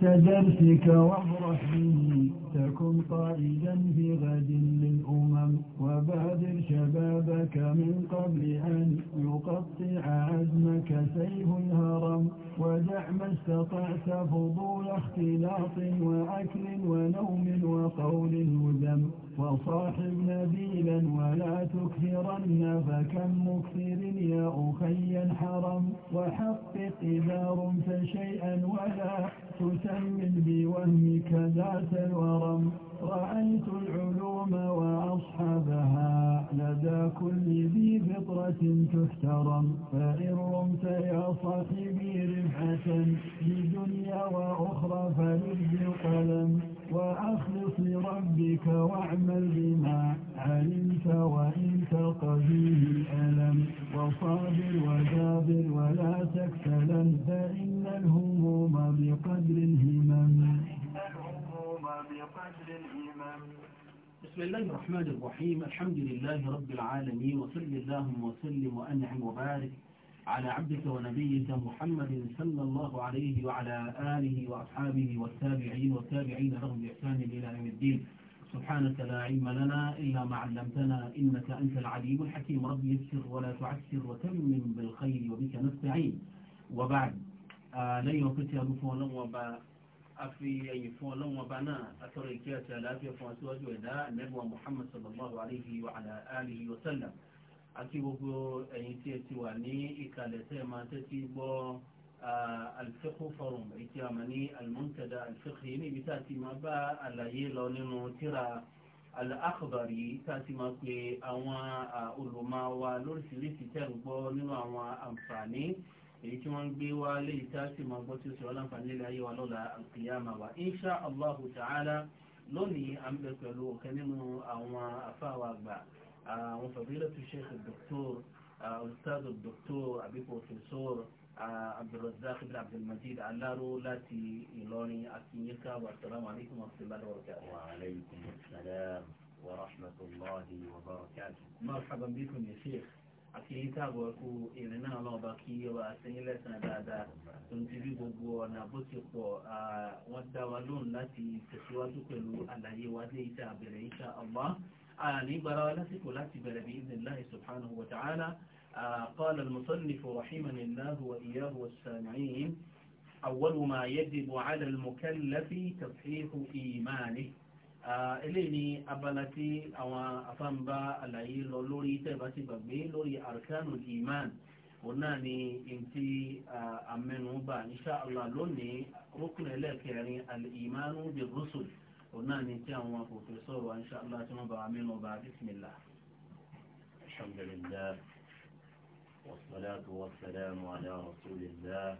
كدرسك وافرح به تكن قائدا في غد للأمم وبادر شبابك من قبل أن يقطع عزمك سيف الهرم ودع ما استطعت فضول اختلاط وأكل ونوم وقول هدم وصاحب نبيلا ولا تكثرن فكم مكثر يا أخي حرم وحقق إذا رمت شيئا ولا تسمن بوهمك ذات الورم رأيت العلوم وأصحابها لدى كل ذي فطرة تحترم فإن رمت يا صاحبي رفعة لدنيا وأخرى فلذ القلم وأخلص لربك واعمل بما علمت وإن تلقى فيه الألم وصابر وجابر ولا تكسلن فإن الهموم بقدر الهمم بسم الله الرحمن الرحيم الحمد لله رب العالمين وصل اللهم وسلم وأنعم وبارك على عبدك ونبيك محمد صلى الله عليه وعلى آله وأصحابه والتابعين والتابعين لهم بإحسان إلى يوم الدين سبحانك لا علم لنا إلا ما علمتنا إنك أنت العليم الحكيم رب يسر ولا تعسر وتمم بالخير وبك نستعين وبعد آه لن يوقت يا afi ẹ̀yìn fún ọlọ́run ọba náà atọ́rọ ìkẹ́ àti àlàáfíà fún aṣíwájú ẹ̀dá ànẹ́bùwà muhammad sallallahu alayhi wa alihi wa sallam àti gbogbo ẹ̀yin tí ẹ ti wà ní ìkàlẹ̀ tẹ́ máa tẹ́tí gbọ́ alfiqhu forum èyí a mọ̀ ní almuntada alfiqhi níbi tá a ti máa bá àlàyé lọ nínú tíra al-akhbari tá a ti máa pe àwọn olùmọ̀ wa lóríṣiríṣi tẹ́ ń gbọ́ nínú àwọn àǹfààní èyí tí wọ́n ń gbé wá léyìí tá sì máa gbọ́ tí ó sì wá láǹfààní nílẹ̀ ayé wa lọ́la alkiyama wa insha allahu ta'ala lónìí à ń bẹ pẹ̀lú ọ̀kan nínú àwọn afáwa àgbà àwọn fadilatu sheikh doctor ustaz doctor àbí professor abdulrazak ibn abdulmajid alaro láti ìlọrin akínyíká wa salamu alaykum wa rahmatulahi wa barakatuh. wa alaykum salaam wa rahmatulahi wa barakatuh. marhaban bikum ya sheikh. àti èyí tààbọ̀ ẹ̀kú ìrìn náà lọ́wọ́ bá kí ọba àtẹ̀yìn lẹ́sàn-án dáadáa tó ń ti rí gbogbo ọ̀nà bó ti pọ̀ wọ́n dá wa lóhùn láti tẹ̀síwájú pẹ̀lú àlàyé wa dé iṣẹ́ àbẹ̀rẹ̀ iṣẹ́ ọ̀gbọ́n àní gbára wa lásìkò láti bẹ̀rẹ̀ bí idhnillahi subhanahu wa ta'ala qala al-musannifu rahimanillahu wa iyyahu was-sami'in awwalu ma yajibu 'ala al-mukallafi tashihu imanihi ilé ni abala tí àwọn afáǹbá àlàyé lọ lórí tẹ́ẹ̀bá ti gbàgbé lórí arkanu iman òun náà ni ntí amẹnubà insha Allah lónìí rúkùn ẹlẹ́kẹrin al-imanu bir-rusul òun náà ni tí àwọn pòfẹ́sọ̀ wa insha Allah tí wọ́n bá amẹnubà bismillah. alhamdulillah والصلاة والسلام على رسول الله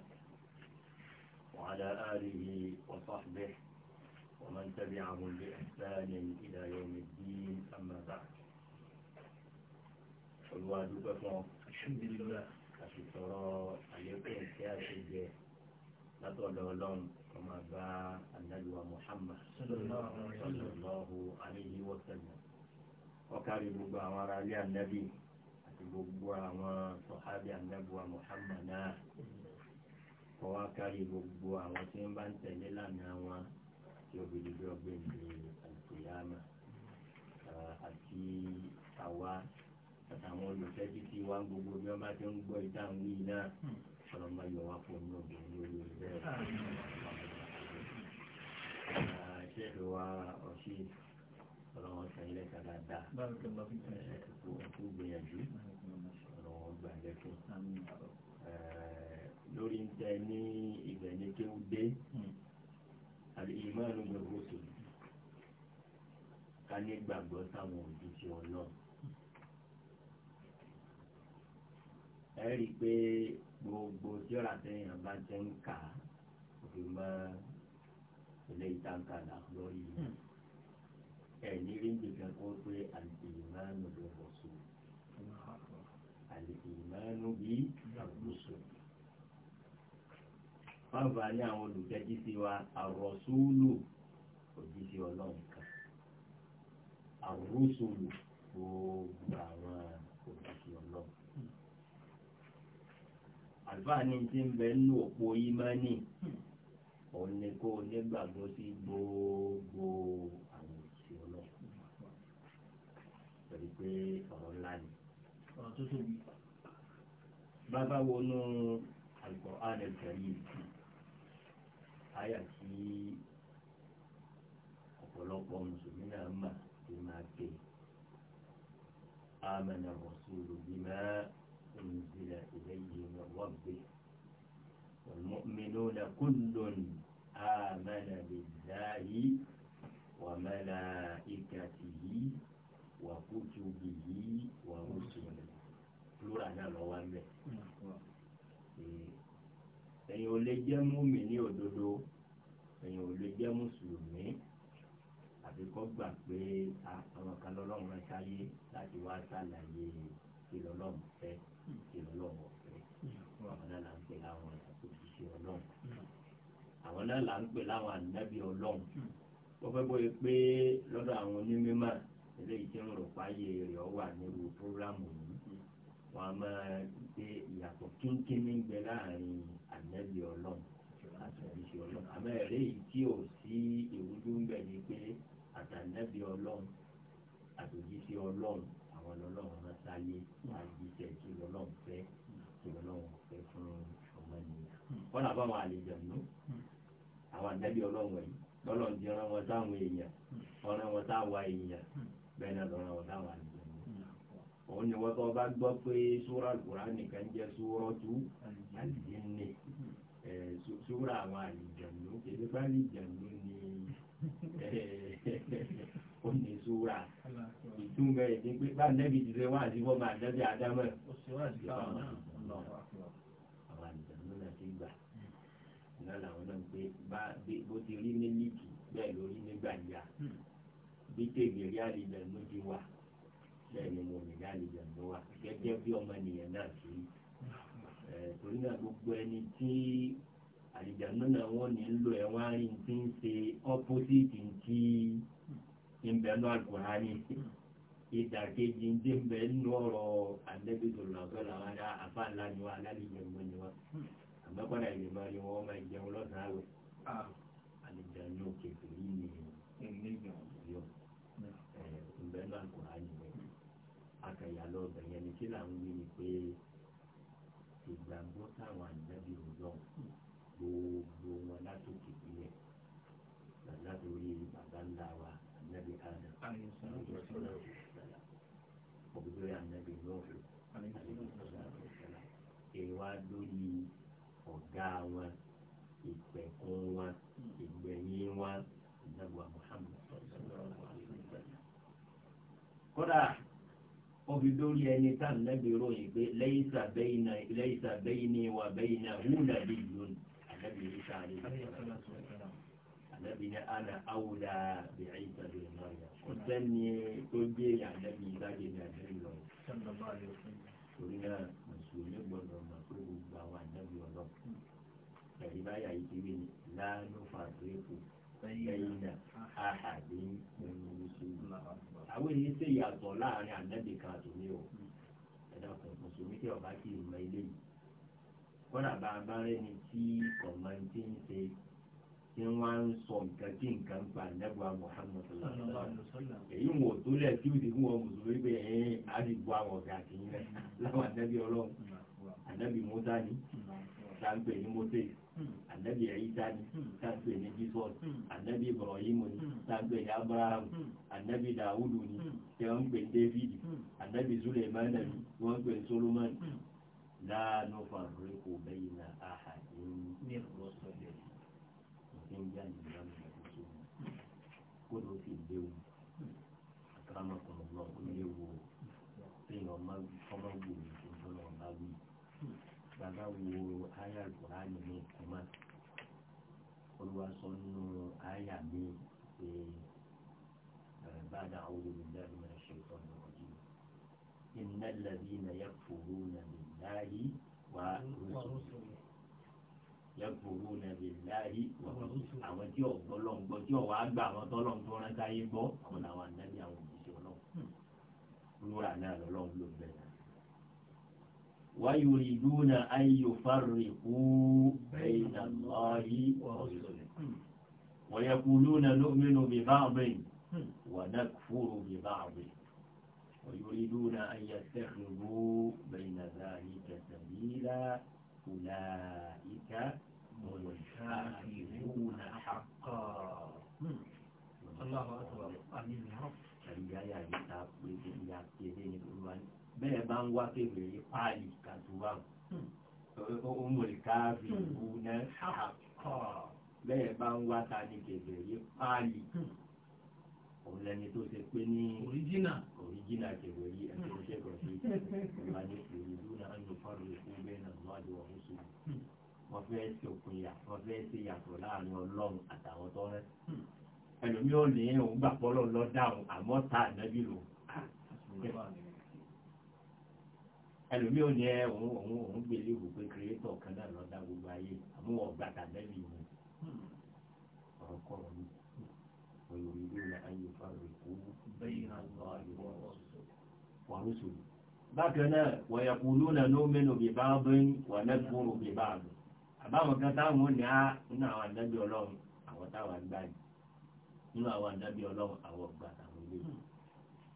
وعلى آله وصحبه ومن تبعهم بإحسان إلى يوم الدين أما بعد olùwàdú pẹ́ fún ọ alhamdulillah àti tọrọ àlékún ìṣe àṣejẹ látọ̀dọ̀ ọlọ́run ọmọ àgbà anáyíwá muhammad sallallahu alayhi wa sallam ọkàrí gbogbo àwọn ará ilé anábì àti gbogbo àwọn sọ̀hábì anábìwá muhammad náà ọwọ́ akárí gbogbo àwọn tí ń bá ń tẹ̀lé lánàá wọn tí ó fi di bí ọgbẹ́ ìgbé àlùkòyàmà àti àwa àtàwọn olùfẹ́ títí wa gbogbo bí wọ́n bá ti ń gbọ́ ìdáhùn yìí náà ọ̀rọ̀ máa yọ wá fún mi ọ̀gbìn lórí rẹ̀. ṣẹ́ẹ̀rì wa ọ̀ṣì ọ̀rọ̀ wọn sàn ilẹ̀ kan dáadáa kó gbìyànjú ọ̀rọ̀ wọn gbà lẹ́kùn. lórí ń tẹ ní ìgbẹ̀ni kéwú dé. Hmm alìmánu bẹ̀rù oṣù ká ní gbàgbọ́ táwọn òbí ti ọ̀nà. ẹ rí i pé gbogbo tíọ́ra tẹ́yìn bá jẹ́ ń kà á òfin máa ilé ìtànkà lọ yìí hmm. ẹ ní rí nìkan kó pé alìmánu bẹ̀rù oṣù alìmánu bí àbúṣe wọ́n bá ní àwọn olùjẹ́jí sí wa àrọ̀súlù òjísé ọlọ́run kan àrùsùlù gbogbo àwọn òjísé ọlọ́run. àlùfáà ní ti ń bẹ nínú òpó ìmánì òun ni kó o nígbàgbọ́ sí gbogbo àwọn òjísé ọlọ́run. pẹ̀lú pé ọ̀rọ̀ ńlá ni. ọ̀rọ̀ tó tóbi. bàbá wo nú Al-Qur'an al yìí àyà tí ọ̀pọ̀lọpọ̀ mùsùlùmí náà mà ti máa gbé amana rasulu bima unzila ilayhi min rabbih wal mu'minuna kullun amana billahi wa malaikatihi wa kutubihi wa rusulihi lóra náà lọ wá mẹ mm. ẹ̀yin ò lè jẹ́ múmi ní òdodo èèyàn ò lè jẹ́ mùsùlùmí àbí kọ́ gbà pé àwọn kan lọ́lọ́run rẹ̀ sáyé láti wá sàlàyé ìlọ́lọ́run fẹ́ ìlọ́lọ́run ọ̀fẹ́ àwọn náà là ń pè láwọn òṣìṣẹ́ ọlọ́run àwọn náà là ń pè láwọn ànábì ọlọ́run wọ́n fẹ́ bóyá pé lọ́dọ̀ àwọn onímọ̀ eléyìí tí ń rò páyé rẹ̀ wà nírú fúrámù yìí wọ́n á máa gbé ìyàtọ̀ kínkín gbẹ láàrin ànábì ọlọ́run àtàrí ọlọ́run àmọ́ yìí tí ò sí ìwúdú ń bẹ̀ ni pé àtànẹ́bí ọlọ́run àtòjí ọlọ́run àwọn ọlọ́run máa sáyé àjíṣẹ́ kí ọlọ́run fẹ́ kí ọlọ́run fẹ́ fún ọmọ ènìyàn. wọ́n náà fáwọn àlejò nù hmm. àwọn àtànẹ́bí ọlọ́run wọ̀nyí lọ́lọ́run ti rán wọn sáwọn èèyàn hmm. ọ̀ràn wọn sáwọn èèyàn hmm. bẹ́ẹ̀ náà lọ́ràn wọn sáwọn àlejò òun ni wọ́n tó bá gbọ́ pé súrà al nìkan jẹ́ súrà tú àlùjẹ́ sóra àwọn àlìjànú èdè bá àlìjànú ni ó ní sóra ìtumọ̀ èdè pé bá nẹ́bí ti ṣe wá àti wọ́n máa dábẹ́ àdámọ̀ àwọn àlìjànú náà ti gbà náà làwọn náà pé bó ti rí ní líìkì bẹ́ẹ̀ lórí nígbà yá hmm. bí tèmi rí àlìjànú ti wà bẹ́ẹ̀ ni mo rí Eh, torí náà gbogbo ẹni tí àlìjáná náà wọ́n ní ń lo ẹ̀wọ̀n àárín tí ń ṣe ọ́pósìtì tí ń àgùnrání ìdàkejì ń dé ọ̀rọ̀ àdẹ́bìtòlù àgbẹ̀lá wa ní àfa ni wa alálìjẹ mọ́ ni wa àmọ́kọ́dà ìgbìmọ̀ ni wọ́n máa jẹun lọ́sàn-án rẹ̀ ah. àlìjáná òkèkè yìí ni yọ àgùnrání rẹ̀ àkàyà lọ́ọ̀bẹ̀ ni kí làwọn wí ni pé. ọ̀gá wọn ìpẹ̀kun wọn ìgbẹ̀yìn wọn ìdàgbà Muhammad kódà ó fi dórí ẹni tá ànábì ròyìn pé laysa bayna laysa bayni wa baynahu nabiyyun ànábì Ìsá ànábì ní ana awla bi Ìsá bin Maryam kò sẹ́ni tó gbé ànábì ìdájẹ́ ní ànábì lọ. torí náà mùsùlùmí gbọdọ̀ mọ̀ pé gbogbo àwọn ànábì ọlọ́pàá ẹ̀rí ìdílé ni láàánú fàdúrẹ́kù bẹ́yìnà àhàdé mùsùlùmí. àwọn èyí ṣe yàtọ̀ láàrin ànábì kan àtòmí o ẹ̀dá kan mùsùlùmí tí ọba kì í mọ ilé yìí. kọ́nà bá a bá rẹ́ni tí kọ̀mọ̀ntì ń ṣe tí wọ́n ń sọ nǹkan tí nǹkan pa ànábì wa Muhammad èyí wò tó lẹ̀ tí ó fún wọn mùsùlùmí pé ẹ̀ẹ́n á ti bu àwọn ọ̀gá àti yín láwọn ànábì ọlọ́run ànábì Mùsá ànábì ẹ̀yíṣà ni hmm. tágbé ní jesus hmm. ànábì ibrahim ni hmm. tágbé ní abraham ànábì dawudu ni tí wọ́n ń pè david ànábì suleiman ni wọ́n ń pè solomon láàánú fàbírí kò bẹ́yìn náà àhàdé ní rọ́sọ̀lẹ̀ ní jáde lọ́nà ìṣòro kó ló fi léwu àkàràmọ̀kùnrin lọ kó léwu fẹ́yìn ọmọ gbòòrò tó lọ́wọ́ bá wí bàbá wo ayé àgbọ̀rá nìyẹn olúwa sọ nínú àyà mi pé bàdà àwọn olùdílé rẹ̀ ṣe ìtọ́jú ọ̀jì. iná lẹ́bí na yẹ fòrò nàbì láàyè wà lóṣù yẹ fòrò nàbì láàyè wà lóṣù. àwọn tí ò gbọ́ lọ́n gbọ́ tí ò wá gbà àwọn tó lọ́n tó rántá yé gbọ́ àwọn làwọn ànábì àwọn òṣìṣẹ́ ọlọ́run. lóra hmm. náà lọ́lọ́run ló bẹ̀rẹ̀ wáyùrìdúnà ayò fárìkú bẹ́ẹ̀nà lọ́rí ọ̀sọ̀rọ̀. ويقولون نؤمن ببعض ونكفر ببعض ويريدون أن يتخذوا بين ذلك سبيلا أولئك هم الكافرون حقا الله أكبر آمين يا رب àríyáyà yìí ta pé ìyá kéde ní olúwa ní bẹ́ẹ̀ bẹ́ẹ̀ bá ń wá ta ni kèfè yí páàlì hmm. òun lẹni tó ṣe pé ní òríjìnà òríjìnà kèfè yí ẹni tó ṣe kọ̀ sí ìwà ní ìlú náà ń lo fọ́ọ̀rù ìfún bẹ́ẹ̀ náà lọ́wọ́ àdúrà ń sùn wọ́n fẹ́ ṣe òpin yà wọ́n fẹ́ ṣe yàtọ̀ láàrin ọlọ́run àtàwọn tó rẹ́ hmm. ẹlòmí ò ní òun gbà pọ́lọ́ lọ dáhùn àmọ́ ta ànábì lò ẹlòmí ò ní òun òun gbèlè wò pé kìrìtọ̀ kan náà lọ dá gbogbo ayé àmúwọ̀ gbàtà ànábì وقوم ويريدون أن يفرقوا بين الله ورسوله ورسوله bákanáà wọ̀yẹ̀kùlúnà ló mẹ́nu bèbá bẹ́yìn wọ̀n lẹ́kùnrù bèbá bẹ́ àbáwọn kan táwọn ní á nínú àwọn àdábí ọlọ́run àwọn táwọn gbáyìí nínú àwọn àdábí ọlọ́run àwọn ọgbà àtàwọn ilé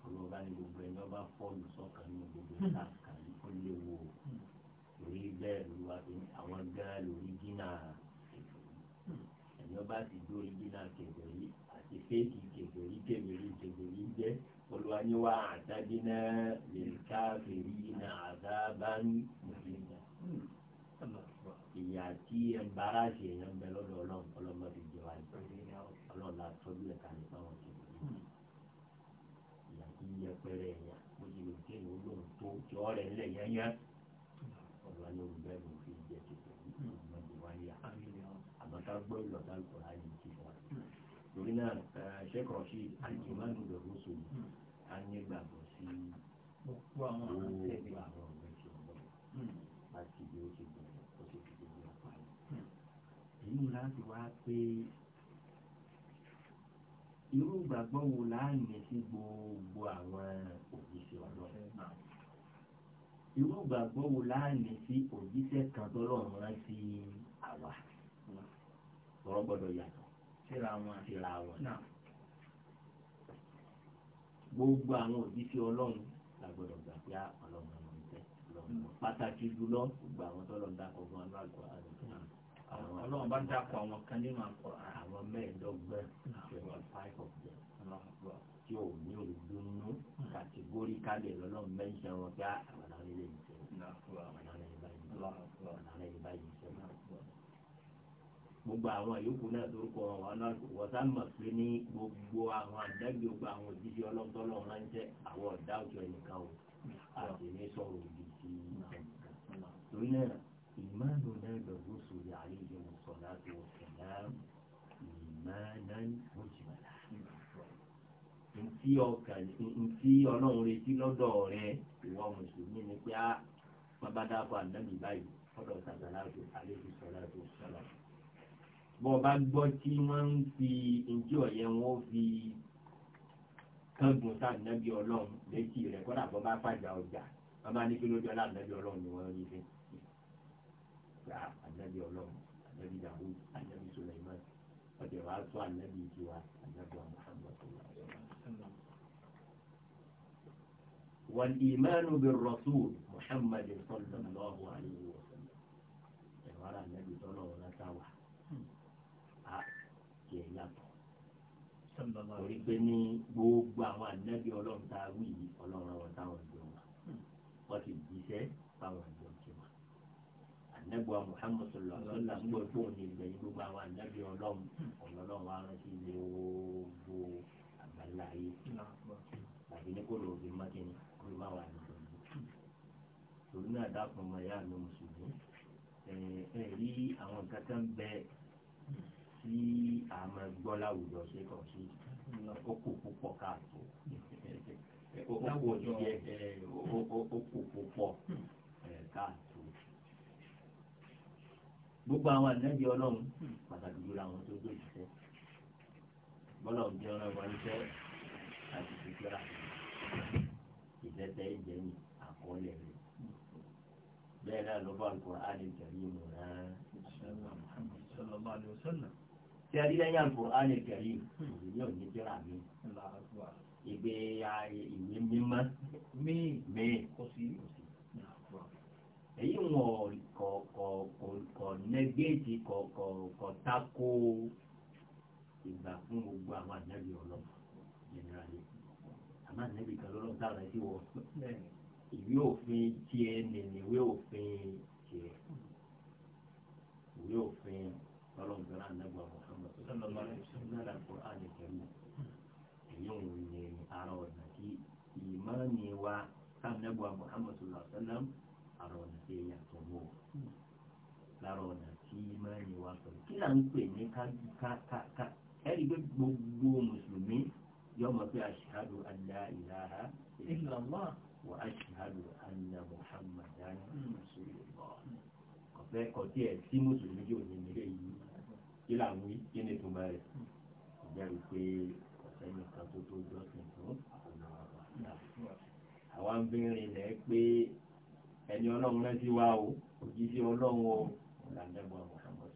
olóògbà ní gbogbo ẹni ọba fọ́ọ̀lù sọ́kàn ní gbogbo ìlàkàlì ó léwu o bẹ́ẹ̀ lórí àwọn gáà lórí gínà èèyàn bá ti dó ìgbìnà kèbèrè àti fèèkì kèbèrè kèbèrè kèbèrè jẹ́ olúwa ní wà àdájínà lè káfìrí na àdábá ń mọ̀lẹ́nà. ìyá tí ẹ ń bára ṣe èèyàn ń bẹ lọ́dọ̀ ọlọ́run ọlọ́mọ ti jẹ wáyé ọlọ́run la tọ́jú ẹ̀ka nípa wọn kèbèrè. ìyá tí yẹpẹrẹ èèyàn mo ti lè kéwòn lóhun tó jọ rẹ̀ lẹ̀ yányán. ká gbọ́ ìlọ̀tà lọ láyé ti wà. torí náà ṣẹ́kọ̀ọ́ sí àjùmọ́nù lọ́wọ́ sọ a ní gbàgbọ́ sí gbogbo àwọn ọ̀rẹ́ tí ọ̀rọ̀ láti bí ó ti bẹ̀rẹ̀ ó ti fi gbogbo apá yìí. èyí láti wá pé irú gbàgbọ́ wo láàyè sí gbogbo àwọn òjíṣẹ́ ọlọ́run irú gbàgbọ́ wo láàyè sí òjíṣẹ́ kan tọ́lọ́run rántí àwa ọ̀rọ̀ gbọ́dọ̀ yàtọ̀ síra wọn síra wọn. gbogbo àwọn òjíṣẹ́ ọlọ́run la gbọ́dọ̀ gbà pé ọlọ́run ọmọ ìtẹ́ pàtàkì jùlọ gbogbo àwọn tọ́lọ̀ ń dákọ̀ fún ọlọ́run àgbà àwọn ọlọ́run bá dákọ̀ àwọn kan nínú àpọ̀ àwọn mẹ́ẹ̀ẹ́dọ́gbọ̀n twenty five of them tí ò ní olùdúnnú kàtìgórí kálẹ̀ lọ́lọ́run mẹ́ńṣẹ́ wọn pé àwọn àwọn ilé ìṣẹ́ wọn àwọn àwọn ilé báyìí gbogbo àwọn yòókù náà lórúkọ wà lọ́sà mọ̀ pé ní gbogbo àwọn àdágbé gbogbo àwọn òjijì ọlọ́tọ́lọ́ ránṣẹ́ àwọn ọ̀dá òjò ẹnìkan o àti ní sọ̀rọ̀ òjijì torí náà ìmánu náà lọ́wọ́ sórí àlejò sọ̀lá tó sọ̀lá ìmáná mọ̀jìmọ̀lá. ntí ọlọ́run retí lọ́dọ̀ rẹ ìwọ mùsùlùmí ni pé á ah, bàbá dáko àdágbé báyìí ọ̀dọ̀ sàgbàlá àlejò sọ̀lá tó sọ̀lá bọ́ bá gbọ́ tí wọ́n ń fi ìjọ ọ̀yẹ́ wọn fi kángun sáà nábì ọlọ́run létí rẹ̀ kọ́dà bọ́ bá fàjà ọjà wọ́n bá ní kí ló jọlá nábì ọlọ́run ni wọ́n rí gba ànábì ọlọ́run ànábì dàwùd ànábì suleiman ọ̀dẹ̀ wàá tó ànábì tiwa ànábì muhammad والإيمان بالرسول محمد صلى الله عليه وسلم. النبي صلى الله عليه وسلم tiẹ̀ yàtọ̀ torí pé ní gbogbo àwọn ànábì ọlọ́run tá a wí yìí ọlọ́run àwọn táwọn ìjọ wọn hmm. wọ́n ti jíṣẹ́ fáwọn ìjọ ti wọn. ànábì wa Muhammad sọlọ sọlá ń gbọ́ tó ní ìgbẹ̀yìn gbogbo àwọn ànábì ọlọ́run ọlọ́run wa rántí gbogbo àgbàlá yìí àbí ní kò lóògbé mákìnnì kó ló bá wà ní ìjọba. Hmm. torí náà dákun ọmọ ìyá mi mùsùlùmí ẹ̀ẹ́rí àwọn kankan bẹ́ẹ̀ tí a máa gbọ́ láwùjọ ṣe kàn sí ó kù púpọ̀ káàtó ó kù díẹ̀ ó kù púpọ̀ káàtó. gbogbo àwọn ànábì ọlọ́run pàtàkì jùlọ àwọn tó gbé ìṣiṣẹ́ bọ́lá òbí ọ̀rọ̀ wọn iṣẹ́ àti ìṣiṣẹ́ra ìṣẹ́tẹ́ ìjẹ́ àkọọ́lẹ̀ rẹ̀ bẹ́ẹ̀ náà ló bá Al-Qur'an al-Karim mọ̀ náà tẹ́rí èyí wọn kọ̀ọ̀kọ̀ nẹgbẹ́ẹ̀tì kọ̀ọ̀kọ̀ tako ìgbà fún gbogbo àwọn ànábì ọlọ́mọ jẹnẹrali àmọ́ ànábì kan lọ́lọ́ dára sí wọ́n ìwé òfin tiẹ̀ nìyí ìwé òfin tiẹ̀ ìwé òfin lọ́lọ́ dára ànábì ọlọ́mọ sọlọ́lá sọlọ́lá Al-Qur'an Al-Karim èyí òun ni ara ọ̀nà tí ìmọ̀ọ́nì wa sáàmùnẹ́gbọ̀n Muhammad sọlọ́lá sọlọ́m ara ọ̀nà tí èyí àtọ̀ mọ́ lára ọ̀nà tí ìmọ̀ọ́nì wa sọ̀rọ̀ kí là ń pè ní kákàkà ẹ̀rí pé gbogbo mùsùlùmí yọmọ pé ashhadu an la ilaha illallah wa ashhadu anna Muhammadan rasulullah kọ̀fẹ́ kọ̀tí ẹ̀ sí mùsùlùmí yóò ní ilé yìí kí là ń wí kí ni tó máa rẹ̀ ọjọ́ ìpè ọ̀sẹ̀ nìkan tó tó jọ sí fún ọ̀nà àbàdà àwọn abẹ́rẹ́ rẹ̀ pé ẹni ọlọ́run náà ti wá o òjíṣẹ́ ọlọ́run o làǹdẹ́gbọ̀n Muhammad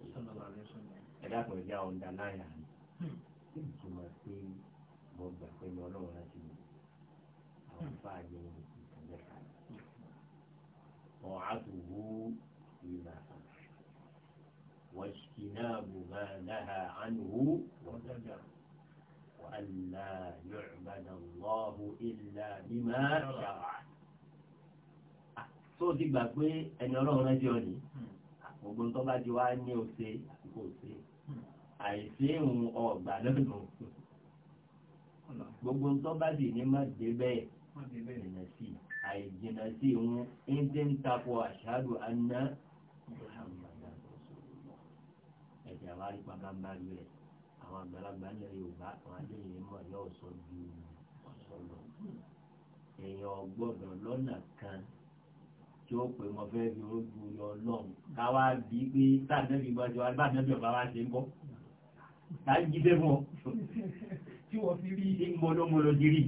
ẹ̀dá kan ìyá ọ̀ǹda láyà ni ìtumọ̀ pé mo gbà pé ẹni ọlọ́run náà ti wá àwọn fáàyè ìkànnì kan ọ̀hátùwù. واجتناب ما نهى عنه وزجر وأن لا يعبد الله إلا بما شرع tó ti gbà pé ẹni ọlọ́run rẹ́ jọ ni gbogbo tó bá ti wá ní òṣè àkókò òṣè àìsí ìhun ọgbà lọ́nà gbogbo tó bá sì ní má dé bẹ́ẹ̀ jìnà sí àìjìnà sí ìhun ẹni tí ń takò àṣàlù àná ìhàmà ìsìn àwọn arípàgá bá rí rẹ̀ àwọn àgbàlagbà ilẹ̀ Yorùbá àwọn adéyìn mọ̀ yọ ọ̀sọ́ ju ọ̀sọ́ lọ. èèyàn gbọ́dọ̀ lọ́nà kan tí ó pè mọ́ fẹ́ fi ojú yọ lọ́n káwá bíi pé táàbẹ́bí gbọ́dọ̀ alábàbẹ́bí ọ̀bá wa ṣe ń bọ́ tá a jí bẹ́ẹ̀ mọ́ tí wọ́n fi rí ṣe ń mọ́lọ́mọ́lọ́ dirí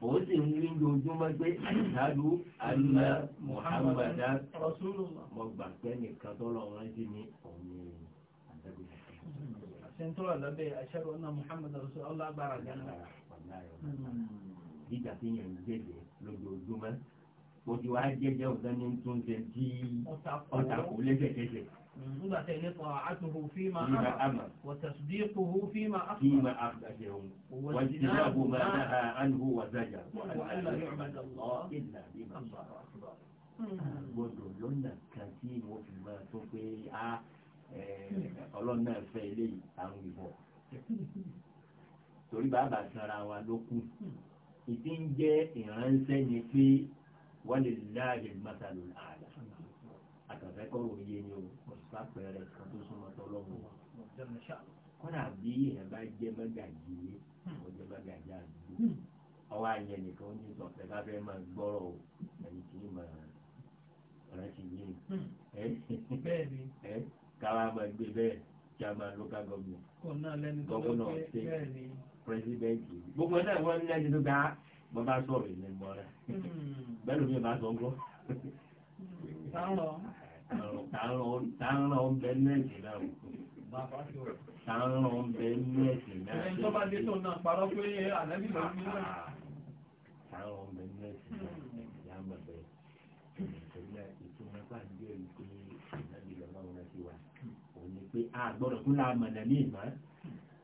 ó ń wí lójúmọ́ pé àdàlù àlùmọ́ Muhammadu mọ̀gbàgbẹ́ nìkan tó lọ́wọ́ rántí ní ọ̀hún sẹ́ńtọ́rọ̀ lábẹ́ àṣẹ́rọ̀ náà Muhammad rasul Allah agbára gánà. ìjà tí yẹn ń jẹ́jẹ́ lójoojúmọ́ ojú wa jẹ́jẹ́ ọ̀dọ́ ní tún ṣe tí ọ̀tà kò lẹ́sẹ̀kẹsẹ̀. nígbà tẹ̀ ní kan àtúhù fíìmà àmà wọ̀tẹ̀sùdí kòhù fíìmà àfà. fíìmà àfà ṣẹ̀hùn wọ́n ti náà bò máa náà àánú wà dájà. gbọ́dọ̀ lọ́nà kan tí mo fi máa tó pé a. Eh, ọlọ́run náà fẹ́ eléyìí àrùn ìbọ̀ torí bàbá sanra wa ló kù ìdí ń jẹ́ ìránṣẹ́ ni pé wọ́n lè láàyè mọ́tàlù ààlà àtàfẹ́kọ̀rọ̀ òye ni o kò sí pàpẹ́rẹ́ kan tó súnmọ́ tọ́lọ́wọ́ kọ́nà bí èèyàn bá jẹ́ mọ́gàjì ó jẹ́ mọ́gàjì àdúgbò ọwọ́ àyẹ̀ nìkan ó ní sọ̀tẹ́ bá fẹ́ máa gbọ́rọ̀ o ẹni kì í máa rántí yìí káwa máa gbé bẹ́ẹ̀ kí a máa local government gọ́gùnà ṣe pírẹsidẹ́ǹtì gbogbo ẹ̀ náà wọ́n ní ẹni tó ga bọ́ bá sọ̀rọ̀ ìlẹ̀ mọ́ rẹ̀ hmm. bẹ́ẹ̀ ló ní ìbá sọ ńkọ́. tààrọ̀ ọ̀bẹ nẹ́ẹ̀sì náà tààrọ̀ ọ̀bẹ nẹ́ẹ̀sì náà. ẹni tó bá dé tó náà parọ́ pé ànábì pé a gbọ́dọ̀ tún la mọ̀nà ní ìmọ̀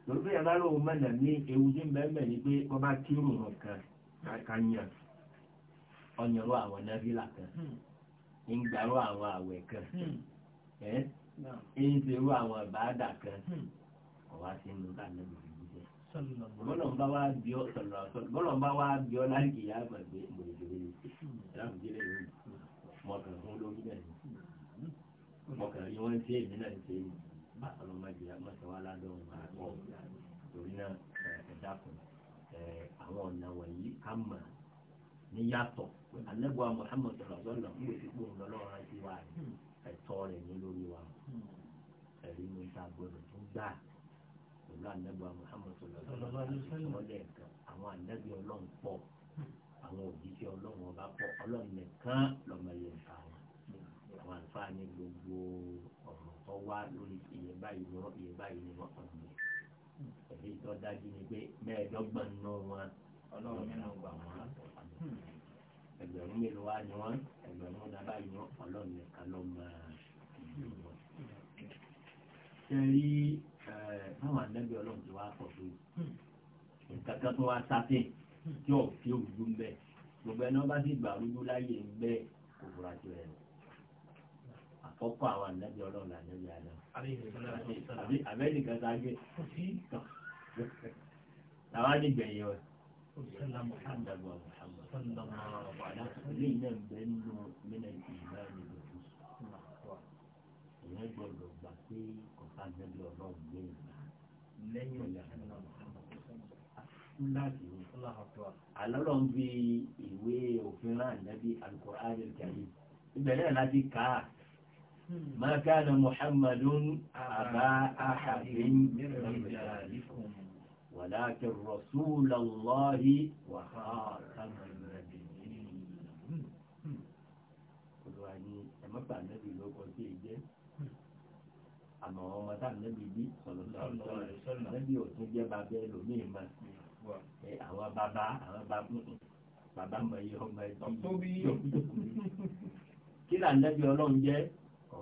lórí pé yàrá lòun mọ̀nà ní ewu tí ń bẹ́ẹ̀ mẹ́ ni pé wọ́n bá kí rò hàn kan kanyàn ọ̀yànrọ̀ àwọn náfìlà kan ń gbàrọ̀ àwọn àwẹ̀ kan ẹ́ ń ṣerú àwọn àbáàdà kan ọ̀wá sí inú ká lẹ́nu ìgbésẹ̀ bọ́lọ̀ ń bá wá bí ọ sọ̀rọ̀ bọ́lọ̀ ń bá wá bí ọ láìkè yá yìí mọ̀kàn fún lórí bẹ́ẹ̀ mọ̀kàn rí wọ́n ń ṣe èmi náà ń ṣe èmi ọlọ́mọdé amọ́sẹ̀wáládọ́n àpọ̀ torí náà ẹ̀dákun àwọn ọ̀nà wọ̀nyí ká mọ̀ níyàtọ̀ alẹ́gbọ̀n Muhammad sọ̀rọ̀sọ̀rọ̀ fún òṣìkò ńlọ́lọ́rọ̀ sí wa ẹ̀tọ́ rẹ̀ ní lórí wa ẹ̀rí mi ta gbọdọ̀ tó gbà pẹ̀lú alẹ́gbọ̀n Muhammad sọ̀rọ̀sọ̀rọ̀ ọlẹ́ẹ̀kan àwọn alẹ́gbẹ̀ ọlọ́run pọ̀ àwọn òjíṣẹ́ ọlọ́run ọba pọ̀ ọlọ́run nìkan lọ́mọ yẹn ta wọn àwọn àǹfààní gbogbo wá lórí iye báyìí lọ iye báyìí ni wọ́n kàn mí. èyí tó dájú ni pé mẹ́ẹ̀ẹ́dọ́gbọ̀n nù wọn ọlọ́run nínú gbà wọ́n ẹgbẹ̀rún mélòó wá ni wọ́n ẹgbẹ̀rún dábà yọ ọlọ́run nìkan ló máa yọ wọn. ṣe rí báwọn anábì ọlọ́run ti wá pọ̀ tó nǹkan kan tó wá sáfẹ́ tí ò fi òwúrú ń bẹ̀ gbogbo ẹni wọn bá sì gbàrúdú láyé ń bẹ́ẹ̀ kò fura tirẹ̀ lọ àkọ́kọ́ àwọn ànábì ọlọ́run ànábì àdámù. àbí amẹ́ríkà ta gbé sí tán làwọn ilé iná bẹ ń mílẹ̀ ìgbà nìyẹn ìyẹn gbọdọ̀ gbà pé kọ̀ọ̀ká ànábì ọlọ́run gbé ìgbà lẹ́yìn ìyá láti alọ́lọ́ ń fi ìwé òfin rán ànábì Al-Qur'an ìbẹ̀rẹ̀ láti kà á. ما كان محمد أبا أحد من رجالكم ولكن رسول الله وخاتم النبيين قلوا أني أما فالنبي لو قلت إجي àmọ́ ọmọ tá nẹ́bí bí sọ̀rọ̀sọ̀rọ̀ nẹ́bí ò tún jẹ́ bàbá ẹlòmíì mọ́ àwọn bàbá àwọn bàbá mọ̀ yìí ọmọ ẹ̀jẹ̀ kí là nẹ́bí ọlọ́run jẹ́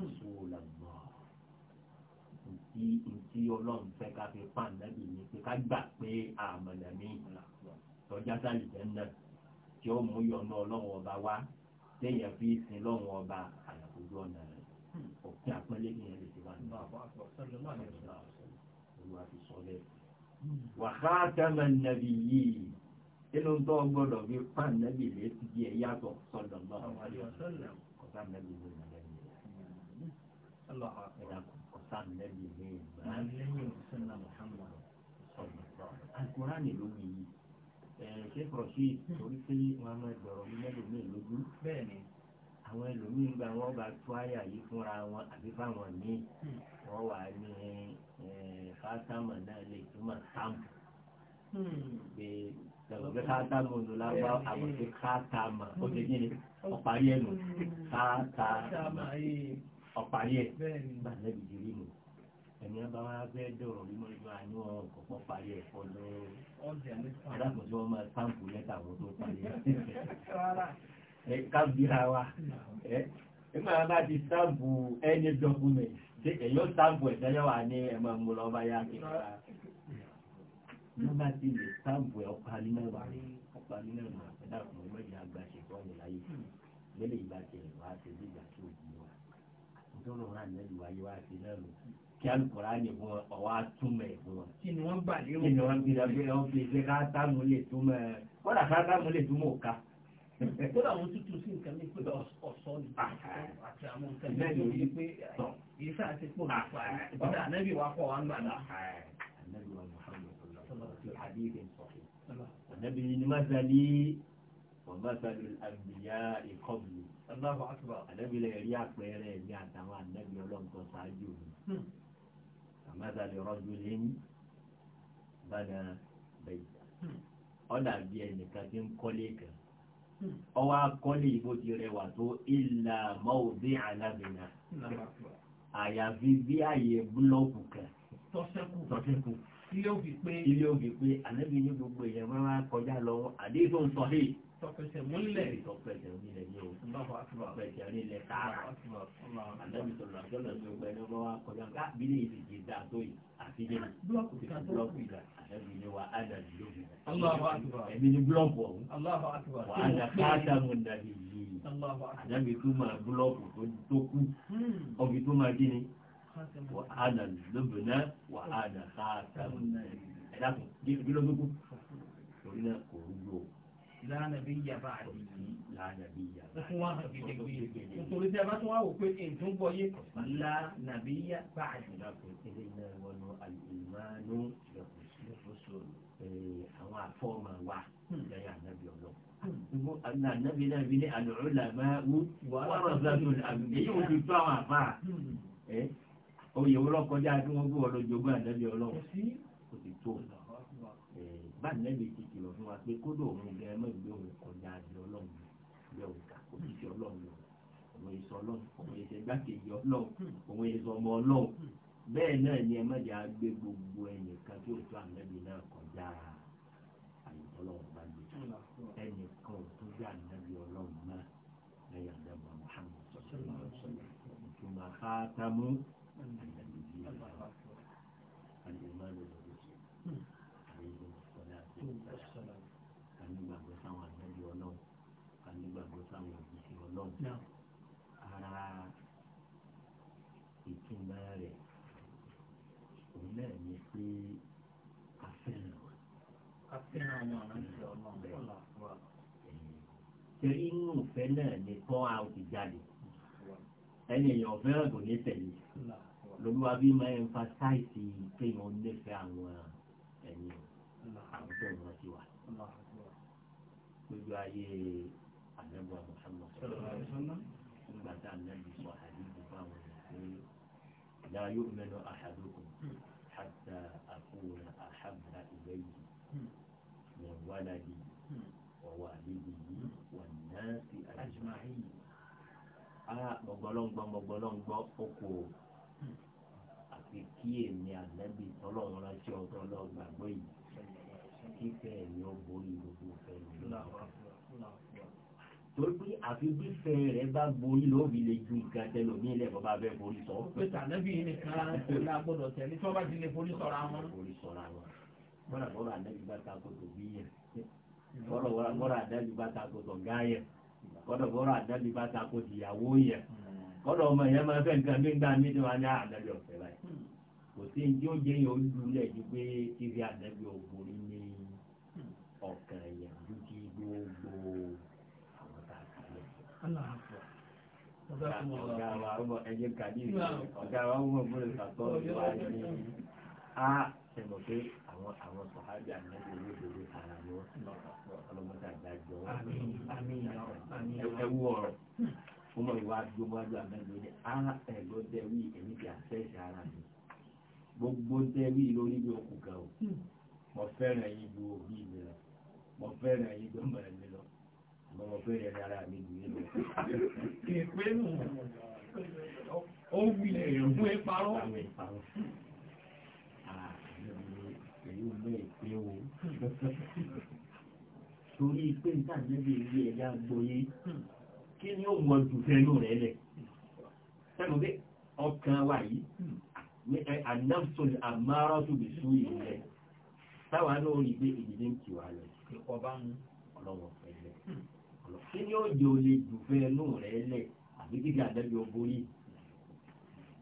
Rasulullah ntí ntí ọlọ́run fẹ́ ká fi pa ànábì ní pé ká gbà pé àmọ̀nà mi tọ́já sálì jẹ́ náà tí ó mú yọ̀nà ọlọ́run ọba wá téèyàn fi sin lọ́run ọba àyàkójú ọ̀nà rẹ̀ òkè àpẹẹlẹ ìyẹn lè ti wá ní olúwa fi sọ bẹ́ẹ̀. wa khataman nabiyyin inú tó gbọ́dọ̀ fi pa ànábì létí díẹ̀ yàtọ̀ sọ̀dọ̀ náà ọ̀sán ànábì nìyẹn ẹ̀dá kọ̀ọ̀sá nẹ́bí ní ìgbà lẹ́yìn sẹ́nà Muhammad sọ̀rọ̀ alukurani ló wí yìí ṣé kọ̀ọ̀sí hmm. torí pé wọn máa gbọ̀rọ̀ ní ẹlòmíì lójú bẹ́ẹ̀ ni àwọn ẹlòmíì gba wọn bá tó àyà yìí fúnra wọn àbí fáwọn míì hmm. wọn wà ní fásámà náà lè túmọ̀ sáàmù hmm. pé gbàgbé káàtàmù ló lágbá àbọ̀dé káàtàmà ó ti kí ni ọ̀parí ẹnu káàtàmà ọ̀parí ẹ̀ gbà lẹ́bi di rí mu ẹ̀mí ọba wa fẹ́ dọ̀rọ̀ rí mọ́ ìjọ àánú ọ̀kọ̀ọ̀kan parí ẹ̀ fọ́dọ̀ alákòóso wọn máa sáǹpù lẹ́tà wọn tó parí ẹ̀ ká bíra wa ẹ̀ nígbà wọn bá ti sáǹpù ẹni dọ́kúmẹ̀ ṣé èyí ó sáǹpù ẹ̀ṣẹ́ yẹn wà ní ẹ̀mọ́ mu lọ́ba yá kíkà nígbà tí lè sáǹpù ẹ̀ ọ̀parí mẹ́wàá ọ̀parí mẹ́wàá ẹ̀dá kùnú mẹ́jọ àgbà ṣètò tọrọ hàn nẹ́bí wáyé wá sí náà lò kí alukora ni fún wọn ọwọ́ atúmọ̀ ẹ̀ fún wọn. kí ni wọ́n gbà lérò. kí ni wọ́n gbìyànjú pé wọ́n fi ṣe ká sáàmù lè túmọ̀ ẹ̀ kódà ká sáàmù lè túmọ̀ òka. kódà wọn tútù sí nǹkan ní pé ọ̀sọ́ ni ah, àti àwọn nǹkan ní ìlú yìí pé yìí sáà ti pò nípa ẹ̀ kódà nẹ́bí wa kọ́ wa ń gbà náà. Ah, wa Muhammad sọlá ti ومثل الأنبياء قبلي الله أكبر النبي لا يريع بيرا يريع دعوة النبي لم تصعجوه فمثل رجل بنى بيتا ọ̀là bí ẹnìkan tí ń kọ́lé kan ọwọ́ akọ́lé ìbò ti rẹwà tó ìlà mọ́òdé alábìnà àyàfi bí ààyè búlọ́ọ̀kù kan tọ́sẹ́kù ilé òfin pé ànábì ní gbogbo èèyàn máa kọjá lọ àdéhùn sọ́hìn tọ́pẹsẹ̀ múlẹ̀ tọ́pẹsẹ̀ múlẹ̀ ní o fún bá fọ àtúbọ̀ àpẹẹsẹ̀ rí ilẹ̀ tààrà àdábì sọ̀rọ̀ àjọlọ̀ ní ọgbà ẹni ọgbà wa kọjá ká ah, bí ní èsì ti dá tó yìí àti jẹ́ búlọ́ọ̀kù ti ká búlọ́ọ̀kù ìgbà àdábì ni wa ádà lóbi ẹ̀mí ni búlọ́ọ̀kù ọ̀hún wà á dà káàtà mú dàbí yìí àdábì tó hmm. máa búlọ́ọ̀kù tó kú ọbì tó máa dín ni wà á dà lóbi náà wà á dà káàtà mú dàbí yìí ẹ̀dá lánàbí yàbá àdìyí lánàbí yàbá fún wa hàn gidigidi nítorí tí a bá tún wá wò pé ètò ń gbọ́yé lánàbí yàbá àdìyí. àwọn àfọ́ọ̀mọ̀ wa lẹ́yìn hmm. ànábì ọlọ́run hmm. náà bí ní àlùrùlà máa wú wàrọ̀sàtò àgbègbè yóò ti tó àwọn àfà hmm. ẹ̀ oyè wọlọ́kọjá tí wọ́n gbé wọ́n lọ jogún ànábì ọlọ́run kò sì bá nẹ́ẹ̀lì ti kìlọ̀ fún wa pé kódò òun gẹ ẹmọ ìgbé òun kọjá àjẹ ọlọ́run bẹ́ẹ̀ òun kà kó ti ọlọ́run lọ òun èso ọlọ́run òun èso igbákejì ọlọ́run òun èso ọmọ ọlọ́run bẹ́ẹ̀ náà ni ẹmọ ìjà gbé gbogbo ẹ̀yìn kan tí òun tó náà kọjá àyè bá gbé ẹnì kan tó jẹ́ ànẹ́bì ọlọ́run náà lẹ́yìn àdàbọ̀ Muhammad sọ̀rọ̀ sọ̀rọ̀ torí inú ìfẹ́ náà ni tọ́ a ò ti jáde ẹni èèyàn fẹ́ràn kò ní tẹ̀lé lóluwà bí máa ń fa sáìsì kéèyàn nífẹ̀ẹ́ àwọn ẹni àwọn tó ń rántí wa lójú ayé àlẹ́bùn àmọ́ nígbà tá a nẹ́bi sọ àdìgbò fáwọn èèyàn pé la yu'minu ahadukum hatta akuna ahabba ilayhi min waladihi. á mọ̀gbọ́lọ́ngbọ́ mọ̀gbọ́lọ́ngbọ́ ó kò àfi kí èmi ànábì tọ́lọ́run ránṣẹ́ ọ̀tọ́ lọ́gbàgbọ́ yìí kíkẹ́ ẹ̀mí ó borí gbogbo ìfẹ́ mi torí pé àfi bí fẹ́ rẹ̀ bá borí ló fi lè ju nǹkan tẹ́lò ní ilẹ̀ bọ́bá bẹ́ẹ̀ borí sọ. pẹ̀sẹ̀ ànábì yìí nìkan la gbọ́dọ̀ tẹ̀lé tí wọ́n bá ti lè borí sọ̀rọ̀ àwọn. borí sọ̀rọ̀ àwọn bọ́dà bọ́dà ànábì bá ta kó tó bí yẹn bọ́dà bọ́dà ànábì bá ta kó tó gá yẹn kọ́dọ̀ bọ́rọ̀ àdábì bá ta kò tìyàwó yẹ kọ́dọ̀ ọmọ yẹn máa fẹ́ nǹkan bí ń gbà mí tí wọ́n ní àdábì ọ̀fẹ́ báyìí hmm. kò sí ní ó jẹ́ yẹn ó lulẹ̀ ju pé kí fi àdábì ògbórí ní ọ̀kan yẹn ju kí gbogbo àwọn tá a kalẹ̀. ọ̀gá wa ọmọ ẹ̀jẹ̀ kàdí ọ̀gá wa ọmọ ìbúrẹ̀ àwọn àwọn sọ̀hábì ànábì olódodo ara ni wọ́n sínú ọlọ́mọdé àgbájọ ẹwú ọ̀rọ̀ fún ìwà àdúgbòmọ́jọ ànábì olódodo ara ẹ̀gbọ́n dẹ́wì èmi ti àṣẹ́ṣe ara mi gbogbo dẹ́wì lórí bí okùn kan o hmm. mo fẹ́ràn yín ju òbí mi lọ mo fẹ́ràn yín ju ọmọ mi lọ àmọ́ mo fẹ́ràn ara mi jù yín lọ. ìpinnu ó wulẹ̀ fún ìparọ́ yóò lọ ìpè o torí pé níta níbi ilé ẹja gboyé kí ni ó mọ jù fẹnu rẹ lẹ sẹ́nu pé ọkàn wa yìí ní anáfsol amárọ́tò lè sún yìí lẹ táwa náà rí i pé ìdílé ń tiwa lẹ ọba ń ọlọ́wọ́ fẹ́ kí ni ó jẹ́ olè jù fẹnu rẹ lẹ àbí kíkà àdájọ́ borí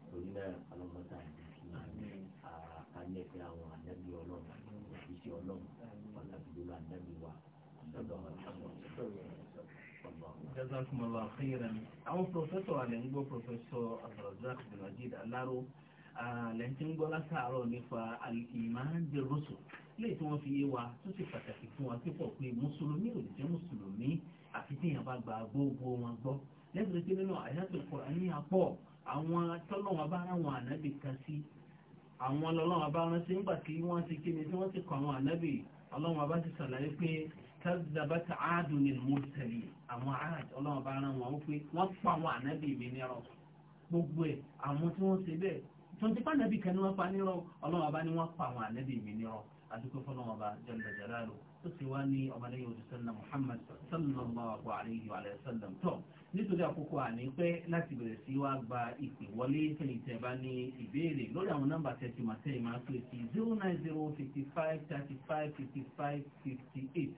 torí náà ọlọ́mọta àti àmì àkàlẹ̀ fẹ́ àwọn àti ọlọ́run ọ̀nà ìdúró ànábì wa lọ́dọ̀ jazakumullah khairan àwọn pòfẹ́sọ̀ alẹ́ ń gbọ́ pòfẹ́sọ̀ abdulrazak abdulmajid alaro alẹ́ ti ń gbọ́ látàárọ̀ nípa al-imani rusul lè tí wọ́n fi yé wa tó sì pàtàkì fún wa pípọ̀ pé mùsùlùmí ò lè jẹ́ mùsùlùmí àti tí èèyàn bá gba gbogbo wọn gbọ́ lẹ́gbẹ̀ẹ́ tí nínú àyàtọ̀ Kùránì àpọ̀ àwọn tọ́lọ́wọ́n bá ara wọn ànábì kan sí àwọn ọlọ́run ọba rántí nígbà tí wọ́n ti kí ni tí wọ́n ti kọ àwọn ànábì ọlọ́run ọba ti sàlàyé pé tazabata aadu ni mọ́tẹ̀lì àwọn aad ọlọ́run ọba rán wọn pé wọ́n pa àwọn ànábì mi nírọ̀ gbogbo ẹ̀ àwọn tí wọ́n ṣe bẹ́ẹ̀ tó ń ti pa ànábì kan ní wọ́n pa nírọ̀ ọlọ́run ọba ni wọ́n pa àwọn ànábì mi nírọ̀ àdúgbò fọlọ́run ọba jalla tó ti wá ní ọmọlẹ́yìn òṣìṣẹ́ nítorí àkókò àní pẹ́ láti bẹ̀rẹ̀ sí wá gba ìpè wọlé tẹ̀yìn tẹ̀ bá ní ìbéèrè lórí àwọn nọ́mbà tẹ̀tì màtẹ́yì sí zero nine zero fifty five thirty five fifty five fifty eight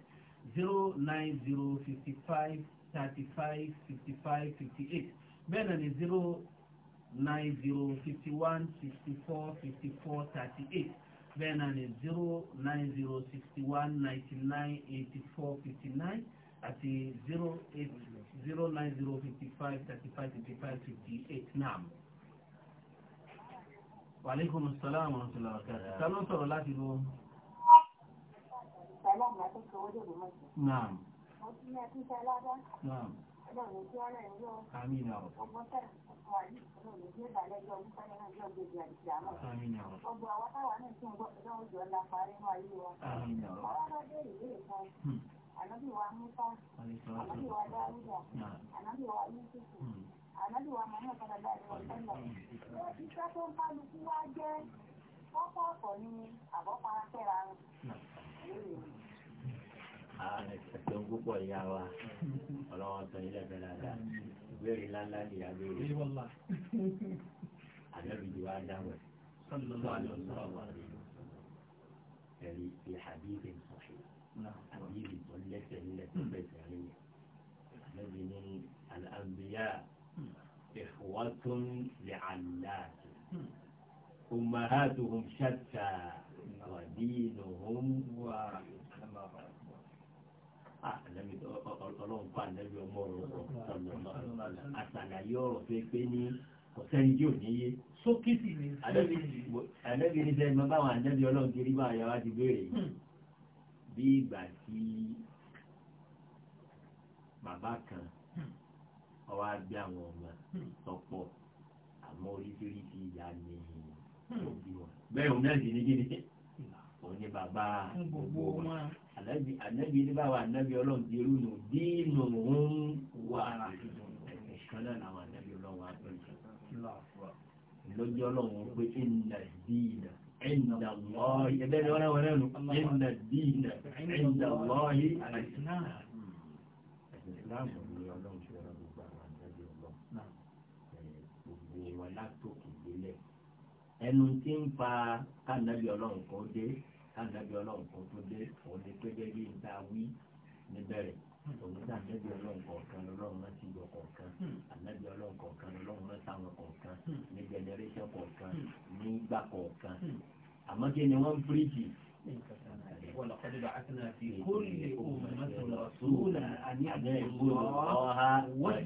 zero nine zero fifty five thirty five fifty five fifty eight bẹ́ẹ̀ náà ni zero nine zero fifty one sixty four fifty four thirty eight bẹ́ẹ̀ náà ni zero nine zero sixty one ninety nine eighty four fifty nine àti zero eight zero nine zero fifty five thirty five fifty five fifty eight naam. wàlẹ́kùn sàlámù àwọn ọ̀sán làwọn kẹrẹ ta ló sọ̀rọ̀ láti lo. sàlámù àti sọ̀rọ̀ lè mọ̀ sí. naam. mo ti ní ẹbí sẹ́ lágbá. naam. ọlọ́run tí ọ̀rẹ́ ń yọ. àmín ni àwọn. ọgbọ́n sẹ́yìn wà ní ìṣòro ní ìgbà lẹ́jọ́ ọdún sẹ́yìn náà yọ gbèdé àdìsí àmọ́. àmín ni àwọn. ọgbọ́n àwọn táwa náà ti ń gbọ́ ànábì wa Musa ànábì wa Dáúdà ànábì wa Yúsùfù ànábì wa Muhammad sallallahu alaihi wasallam iṣẹ́ tó ń kálukú wá jẹ́ ọ̀pọ̀ọ̀pọ̀ ní àbọ̀parapẹ́ra ẹ̀sẹ̀tẹ̀ púpọ̀ ìyá wa ọlọ́wọ́ sọ ilẹ̀ fẹ́ dáadáa ìbéèrè ńláńlá ni ìyá béèrè àlẹ́bìdì wa dáwẹ̀ sọ́lọ́lọ́ àlọ́ sọ́ọ̀bù àlejò ẹ̀rí ìhàdí ìdèmí àbí ìtọ́ lẹ́sẹ̀ ńlẹ̀ tó bẹ̀sẹ̀ rí yẹn àlẹ́bí ní àlàbíyá ìfọwọ́tún lè àlàáfẹ́ ọmọhàtùhùn ṣàtà wàdínùhùn wà àlẹ́bí ọlọ́run fún àlẹ́bí ọmọ ọ̀rọ̀ sọ̀rọ̀ àtàlàyé ọ̀rọ̀ tó pé ní kọ̀sẹ́ni yóò níye sókè sí ni àlẹ́bí ní sẹ́yìn mọ́ báwọn àlẹ́bí ọlọ́run kiri bá àyàwó ti béèrè yìí. Hmm bí ìgbà tí bàbá kan ọwọ́ agbé àwọn ọmọ tọpọ àmọ́ oríṣiríṣi ìyá ni òbí wọn bẹ́ẹ̀ òun náà sì ní kíni òun ni bàbá gbogbo wọn ànábi ní báwa ànábi ọlọ́run ti rú nù dínú òun wà ẹ̀sìn kan náà làwọn ànábi ọlọ́run wà pẹ̀lú lójú ọlọ́run pé ìnà dínà. عند الله يدل ولا ولا إن الدين عند الله الإسلام الإسلام ẹnu tí ń fa kánàbí ọlọ́run kan dé kánàbí ọlọ́run kan tó dé òun ni pé gẹ́gẹ́ bí n ta wí níbẹ̀rẹ̀ hmm. òun dá ànábì ọlọ́run kọ̀ọ̀kan lọ́lọ́run náà ti yọ kọ̀ọ̀kan ànábì hmm. ọlọ́run kọ̀ọ̀kan lọ́lọ́run náà táwọn kọ̀ọ̀kan hmm. ní jẹnẹrẹ́ṣẹ̀ kọ̀ọ̀kan ní ìgbà kọ̀ọ̀kan àmọ́ kí ni wọ́n bíríjì wọ̀lọ̀kọ́dọ̀dọ̀ àtúnà fi kó lè kó mọ́tòlọ̀ sóòlà àní àgbẹ̀gbọ́ ọ̀há wọ́n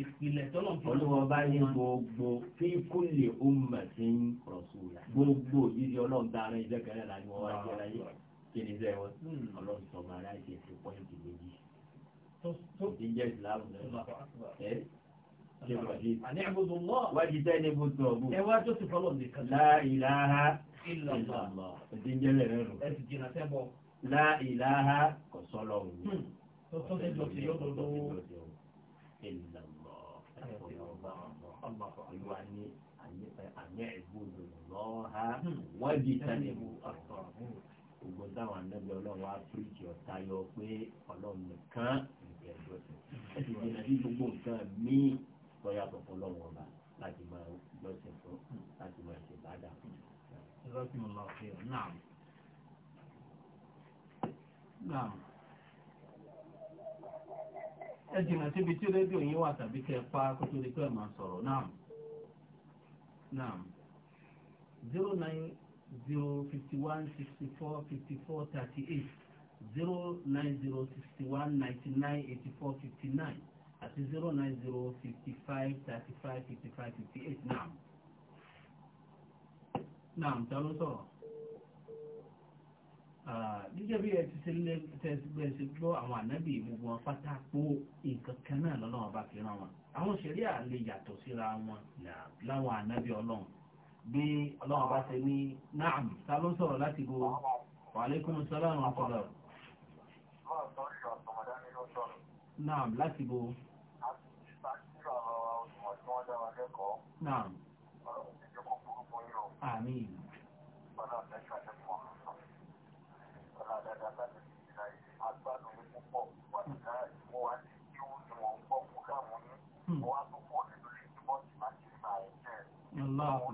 ìpìlẹ̀ tọ́lọ̀ olúwa bá ní gbogbo fi kó lè ó mọ̀ sí rọ̀sùlà gbogbo yíyí ọlọ́ọ̀dá ara ẹ̀jẹ̀ kẹrẹ́ la wọ́n wá jẹ́ láyé kí ni sẹ́ wọn أن اعبدوا الله واجتنبوا الطاغوت إيوا جوسي فلون لا إله إلا الله الدنيا لرو الدنيا تبو لا إله كسولو إلا الله الله يعني أن يعبدوا الله واجتنبوا الطاغوت gbogbo táwọn anábì ọlọ́run á píríkì ọ̀tá yọ pé ọlọ́run nìkan ìgbẹ́jọ́ sí ẹ ti dènà sí gbogbo nǹkan míì lọ́yà bọ̀bọ̀ lọ́wọ́ ọba láti máa lọ́sẹ̀ fún láti máa ṣe bàdà. ẹ jìnnà síbi tí rédíò yín wà tàbí kẹ pa kó tó di pé ẹ máa sọ̀rọ̀ náà náà zero nine zero fifty one sixty four fifty four thirty eight zero nine zero sixty one ninety nine eighty four fifty nine àti zero nine zero fifty five thirty five fifty five fifty eight Nam. Nam. ta ló sọ̀rọ̀ gẹ́gẹ́ bí ẹ ti ṣe lé tẹ́sígbẹ́ ṣe gbọ́ àwọn ànábì gbogbo wọn pátá pó nǹkan kan náà lọ́nà ọba fi ràn wọn àwọn ṣẹ̀ríà lè yàtọ̀ síra wọn láwọn ànábì ọlọ́run bí ọlọ́run bá ṣe ní naam ta sọ̀rọ̀ láti bo wàlékún sọ́lá àwọn ọ̀pọ̀lọ̀ naam láti bo. Àmín. Allahu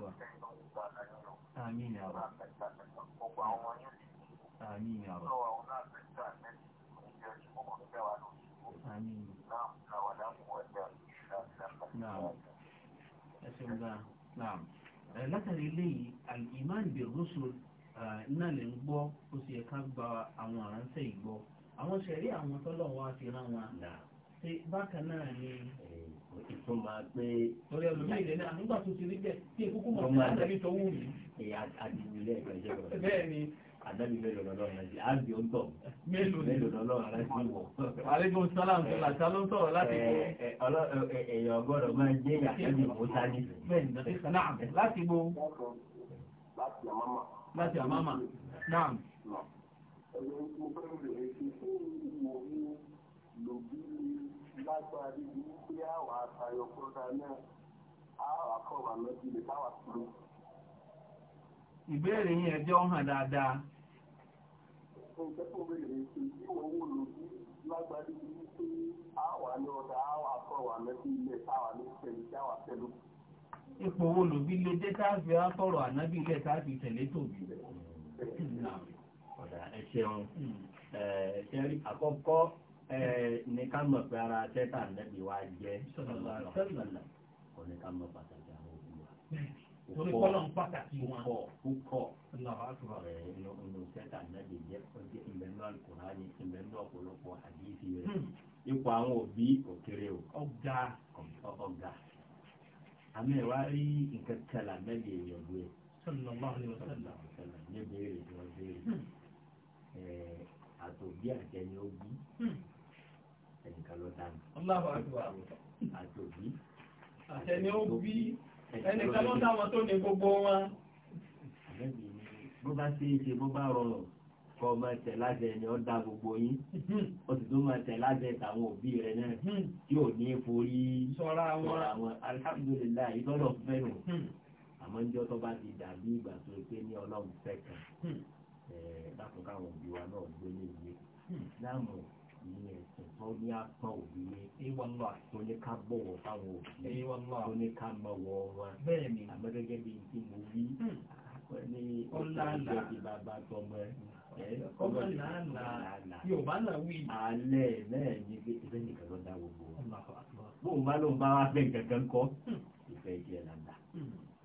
Amin ya Rabb. Amin ya Rabb. ọ̀la naam látàrí eléyìí al-iman bi ń gbọ́ ó sì yẹ gba àwọn àránṣẹ́ ìgbọ́ àwọn sẹ̀rí àwọn tọ́lọ̀ wa ti rán wa ṣe náà ni ìtumọ̀ pé lórí ẹlòmíì lẹ́nu àmúgbà tó àdábì mélòó lọ́lọ́run rẹ̀ sí àbí ó ń tọ̀ mélòó lọ́lọ́run rẹ̀ sí wọ̀. àlejò sálàm tó làtà ló ń sọ̀rọ̀ láti wọ̀. èèyàn ọgọ́dọ̀ máa jẹ́ àdábì òkúta ní. láti bo. láti àmàmà. naam. lágbára bíi pé àwọn àṣàyàn kúrọ́dá náà á wà kọ̀ wà lọ́sílẹ̀ táwà kúrò. ìbéèrè yín ẹjọ́ hàn dáadáa. Lágbàdì ní pé àwà ní lè tẹ̀lé tòbí? ẹ ṣeun. àkọ́kọ́ ní ká mọ̀ pé ara tẹ́tà wa jẹ́ Kò ní ká mọ̀ pàtàkì torí kọ́lọ̀ ń pàtàkì wọn. ó eh, kọ́ ọ̀nà sẹ́tà náà lè jẹ́ ọjọ́ ìbẹ̀rù Al-Kùránì ìbẹ̀rù ọ̀pọ̀lọpọ̀ àdìsí rẹ̀ hmm. ipò àwọn òbí òkèrè o. ọ̀gá ọ̀gá àmì ẹ̀ wá rí nǹkan kẹlà mẹ́lì èèyàn gbé. sallallahu alaihi wasallam ní béèrè tí wọ́n béèrè hmm. eh, àtòbí àtẹni ó bí hmm. ẹnìkan ló dáná. Allahu akbar àtòbí àtẹni ó bí ẹnìkan ló dáwọn tó ní gbogbo wọn. bó bá ṣe é ṣe bó bá rọrùn kọ́ máa tẹ̀ lájẹ ni ọ́ da gbogbo yín ó sì tún máa tẹ̀ lájẹ tàwọn òbí rẹ̀ náà tí ò ní forí sọ́ra wọn alihamudulilayi ìtọ́lọ̀ fẹ́ nù àmọ́ níjọ́ tó bá ti dàbí ìgbà tó pé ní ọlọ́run fẹ́ kan hmm. dákun káwọn òbí wa náà gbé ní ìwé dáàmú ní ẹ̀sìn tó ní apá òbí ní ìwọ́nlọ́ tó ní ká bọ̀wọ̀ fáwọn òbí tó ní ká mọ̀wọ́ wọn bẹ́ẹ̀ni àmọ́gẹ́gẹ́ bí tí mo wí ní ọ̀làlà ti bàbá tọmọ ẹ̀ ọ̀làlà yorùbá náà wí. alẹ́ náà ní bí ẹgbẹ́ nìkan ló dá gbogbo bóun bá lóun bá wá fẹ́ gangan kọ́ ìfẹ́ jẹ́ làǹdà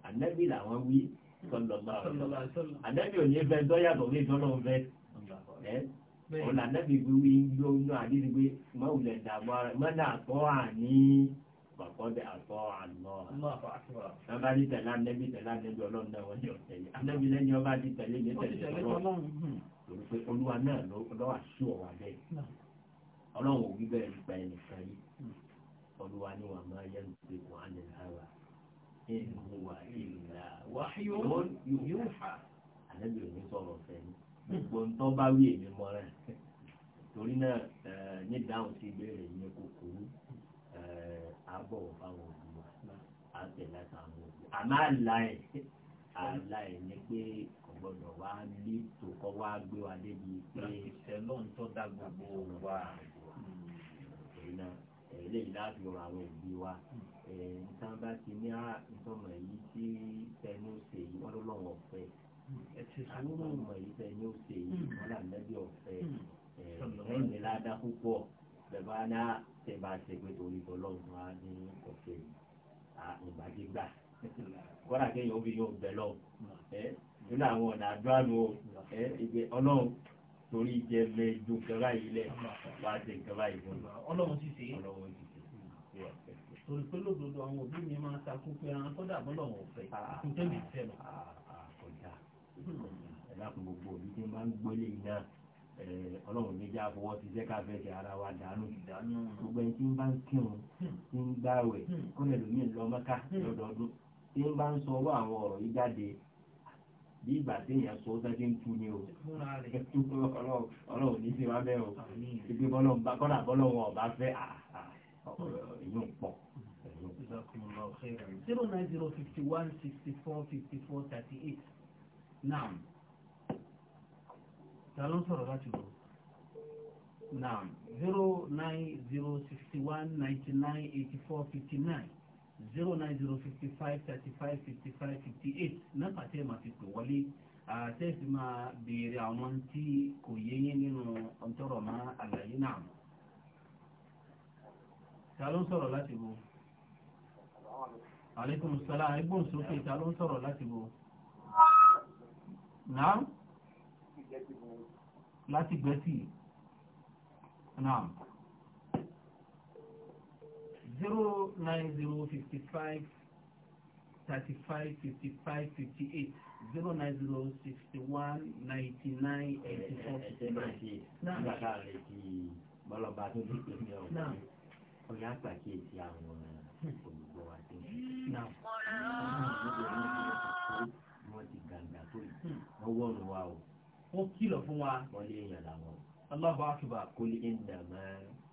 ànábì làwọn wí sọlọ́lá ànábì ò ní fẹ́ dọ́yàtọ̀ ní ìtọ́lọ́ ọ̀nà ànábì wíwí ló ń lọ àdídì pé má wulẹ̀ dààmú ara má dà àtọ́ àní pàkọ́dẹ̀ àtọ́ àlọ́ ọba ní tẹ̀lé ànábì tẹ̀lé ànábì ọlọ́run náà wọ́n ní ọ̀tẹ̀ yìí ànábì lẹ́yìn ọba ní tẹ̀lé ní tẹ̀lé ọlọ́run lórí hmm. pé olúwa náà lọ́wọ́ àṣù ọ̀wà bẹ́ẹ̀ ọlọ́run ò wí bẹ́ẹ̀ nípa ẹnìkan yìí olúwa ni wà máa yẹ nípe wà á nílá wa ẹnu wà ìlà wáyé yóò gbogbo ń tọ́ bá wí èmi mọ́ rẹ̀ torí náà eh, ní ìdáhùn sí ìbéèrè yẹn kúkúrú àbọ̀ fáwọn òbí wa àtẹ̀lá táwọn òbí àmọ́ àlá ẹ̀ ni pé gbọ́dọ̀ wá lé tó kọ́ wá gbé wa débi pé ìṣẹ̀lọ́ ń tọ́ dá gbogbo wa ìrìnà eléyìí láti rọ àwọn òbí wa nǹkan eh, bá ti ní àtọ́mọ̀ ah, yìí tí tẹnu ṣe yìí lọ́wọ́ fẹ́ ẹ ti sùúrù mọ̀ yìí tẹ̀ hmm. hmm. ní òsè yìí wọn là nẹ́bí ọ̀fẹ́ ẹ̀ ẹ̀mí ládá púpọ̀ bẹ̀bá náà tẹ̀ bá ṣe pé torí tọ́lọ́run wá ní ọ̀fẹ́ yìí àgbàdé kéèyàn obì yóò bẹ̀ lọ hmm. ẹ́ nínú àwọn ọ̀nà àdúrà ló ẹ́ ọlọ́run torí ìjẹ mẹ́jọ kẹfà yìí lẹ̀ wá sí kẹfà yìí fún ọlọ́run sì sí ọlọ́run sì sí torí pé lódodo àwọn òbí mi máa takú pé àwọn tó dàbọ̀ lọ́wọ́ ọ̀fẹ́ ìtẹ́bí fẹ́ ah. lọ ẹ̀dá fún gbogbo òbí tí máa ń gbélé iná ọlọ́run méjì àfọwọ́ ti jẹ́ ká fẹ́ ṣe ara wa dànù gbogbo ẹni tí ń bá ń kírun tí ń gbààwẹ̀ kọ́nà lómi ń lọ lọ́dọọdún tí ń bá ń sọ ọwọ́ àwọn ọ̀rọ̀ yìí jáde bí ìgbà téèyàn sọ ọ́sẹ́ tí ń tu ni o ọlọ́run ní sí wa o ibi bọ́lọ́run bá kọ́nà bọ́lọ́run ọ̀bá fẹ́ èyí ń pọ̀. zero nine zero fifty one sixty four fifty four thirty eight. Naam. Ta ló ń sọ̀rọ̀ láti bọ̀? Naam. 09061998459 09055355558 nọ́mbà tẹ́ máa fi pè wọlé àtẹ́sí máa béèrè àwọn tí kò yéyé nínú ọ̀tọ́rọ̀ máa àlàyé náà. Ta ló ń sọ̀rọ̀ láti bọ̀? Aleykum salaam, ẹgbọ́n sókè, ta ló ń sọ̀rọ̀ láti bọ̀? náà láti gbẹ́sì náà 09055 35 55 58 090 61 99 84 náà bọ́lọ̀bá tó dé pé ní ọ̀gbọ́n ọ̀yá pàkíyèsí àwọn olùgbọ́ wa tó ń ṣe. wọ́n ti gàǹgà tó yìí ọwọ́ ọ̀run wa o ó kìlọ̀ fún wa wọ́n lé èèyàn làwọn Allahu akbar kul innama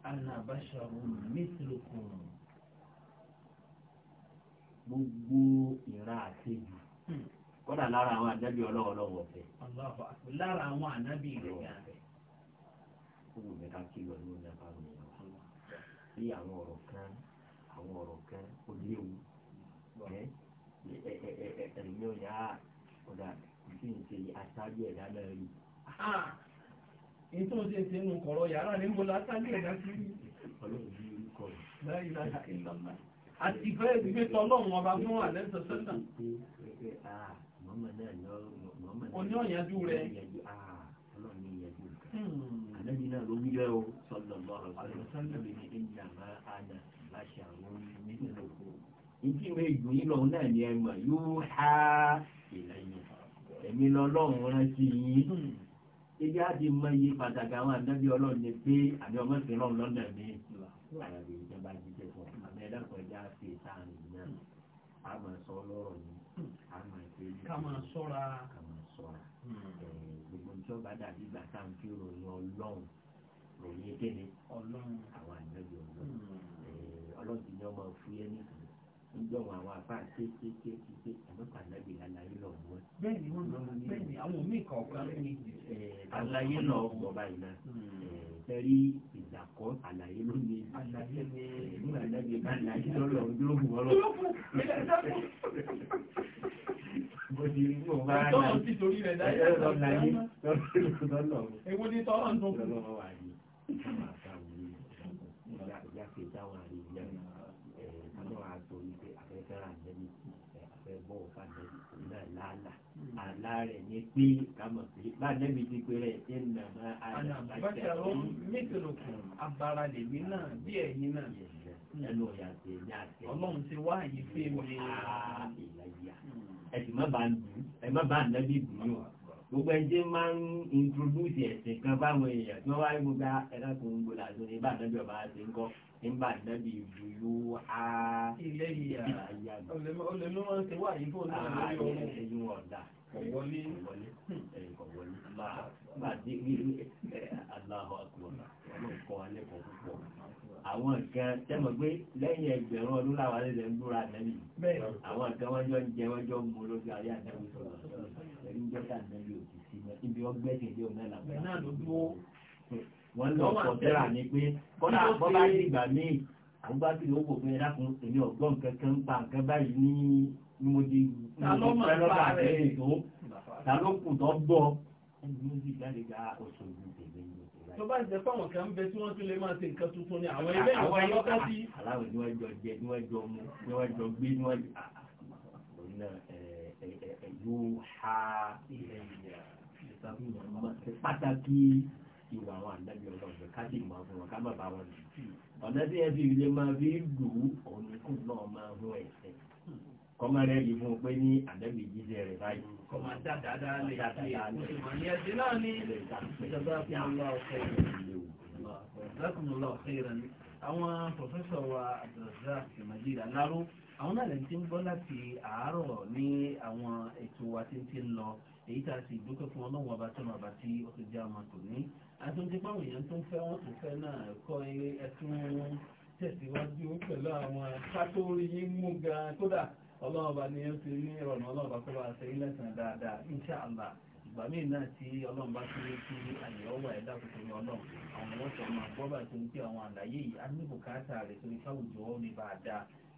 ana basharun mithlukum gbogbo ìran àtẹ́jù kọ́dà lára àwọn ànábì ọlọ́wọ́ lọ́wọ́ ọ̀fẹ́ lára àwọn ànábì rẹ̀ yàrá gbogbo mẹ́ta kìlọ̀ ní ọjà bá mi wà sí àwọn ọ̀rọ̀ kan àwọn ọ̀rọ̀ kan ó léwu ẹ̀ ẹ̀ ẹ̀ ẹ̀ ẹ̀ ẹ̀rìmí ọ̀yà ọ̀dà tí ń ṣe àṣáájú ẹ̀dá náà rí. ní ah, ṣe ṣe nù kọ̀rọ̀ yàrá ní mo láṣáájú ẹ̀dá sí ọlọ́run bí orúkọ rẹ̀. láyé láyé ìlànà. àti ìfẹ́ ìgbé tọ́lọ́run ọba fún àlẹ́sọ̀ sẹ́ńtà. oní ọ̀yànjú rẹ̀. ọlọ́run ní ìyànjú rẹ̀. àlẹ́bí náà ló wílẹ̀ o sọ́dọ̀ lọ́rọ̀ sọ́dọ̀ ìdí ìwé ìdùnnú náà ní ẹgbẹ́ yóò há ìlànà èmi lọ́lọ́run rántí yín hmm. ebi á di mọ iye pàtàkì àwọn àdábì ọlọ́run ni pé àbí ọmọ ìsìn lọ́run lọ́dọ̀ mi hmm. àyàbí ìjọba jíjẹ fún un àbí ẹ̀dàpọ̀ ẹ̀dá fi sáàrin náà hmm. a máa sọ ọlọ́rọ̀ ni a máa ṣe é ká máa sọ́ra ká máa sọ́ra gbogbo ìjọba dàbí ìgbà tá à ń fi ròyìn ọlọ́run ròyìn kéde àwọn àdábì ọlọ́run ọlọ́run ti ní ọmọ fúyẹ́ nìkan níjọ́ àwọn àbá bẹ́ẹ̀ni lọ bẹ́ẹ̀ni báyìí náà tẹ̀rí ìdàkọ́ àlàyé ló ní àlàyé ní àlàyé bá àlàyé lọ́lọ́ ojúlógún ọlọ́ bó ti rí bó bá àlàyé lọ́lọ́ ewu ni tọ́lọ́ ń tó kù lọ́wọ́ wà ní ìjọba àtàwọn ìyá ìyá kejì àwọn àríyá ẹ̀ ẹ̀ kájọ́ àtọ̀ ìgbé afẹ́fẹ́ àjẹmí. ẹbọ òfàdé náà làálà àlá rẹ ní pé kámọ pé bá nẹbi ti pé rẹ ṣe ń nà má àlà bàtà ó mẹtẹlókun abara lèmi náà bí ẹyin náà ẹnu ọ̀yà tẹ̀ ní àtẹ. ọlọ́run ti wá àyè fún mi. má má gbogbo ẹjẹ máa ń introduce ẹ̀sìn kan fáwọn èèyàn tí wọ́n wá rí gbogbo ẹ̀ka tó ń gbòòlà tó ní bá àdájọ́ ọba ṣe ń kọ́ nígbà ìdábì ìlú á ilé ìyá olèmí ah, wọn ti wà yìí fún ọdún náà lórí ọmọ ẹ̀yìn ọ̀dà kọ̀wọ́lé kọ̀wọ́lé máa bí aláhọ̀ àkùrọ̀ náà wọ́n kọ́ alẹ́kọ̀ọ́ púpọ̀ àwọn kan tẹ́mọ̀ pé lẹ́yìn ẹgbẹ̀rún ọdún láwọn alẹ́lẹ̀ ń búra nẹ́bì àwọn kan wọ́n jọ ń jẹ wọ́n jọ mú lójú ayé àtẹ́wé sọ̀rọ̀ pẹ̀lú jọ́ta òkú sí ibi ọgbẹ́ tẹ̀lé ọ̀nà làbẹ́ wọ́n tó bá jẹ́ fáwọn kan bẹ tí wọ́n tún lè máa ṣe nǹkan tuntun ní àwọn ilé ìwọ̀n ọlọ́kọ́ sí. aláwọ̀ ni wọ́n jọ jẹ ni wọ́n jọ mu ni wọ́n jọ gbé ni wọ́n jọ ah, òun náà yóò ha ilẹ̀ ìyá pàtàkì ìwà àwọn àdájọ́ ọlọ́ọ̀dọ́ ká sì mọ̀ fún wọn ká má bá wọn lò ọ̀nà tí ẹ fi lè máa fi dùn òun kù náà máa hún ẹ̀sẹ̀ kọ́mọ rẹ̀ yìí fún pé ní àdẹ́bì jíjẹ rẹ̀ báyìí kọ́mọ dáadáa lè àwọn pọ̀fẹ́sọ̀ wa Abdulrazak Majid Alaro àwọn náà lẹ́yìn tí ń gbọ́ láti àárọ̀ ní àwọn ètò wa tí ń ti ń lọ èyí tá a sì dúpẹ́ fún ọlọ́run ọba tó nàbà tí ó ti jẹ́ ọmọ tòní àtúntí báwọn èèyàn tó ń fẹ́ wọ́n tó fẹ́ náà kọ́ ẹtún tẹ̀síwájú pẹ̀lú àwọn sátórí mú gan kódà ọlọ́ọ̀bá ni ó ti ní ìrọ̀nà ọlọ́ọ̀bá tó bá ṣe ilẹ̀sìn dáadáa inṣàlá ìgbà míì náà tí ọlọ́run bá tún kí àyẹ̀wò ẹ̀dá tuntun ní ọlọ́run àwọn ọmọ ọ̀sán máa gbọ́ bá ti ń pé àwọn àlàyé yìí á ní bùkátà rẹ̀ torí káwùjọ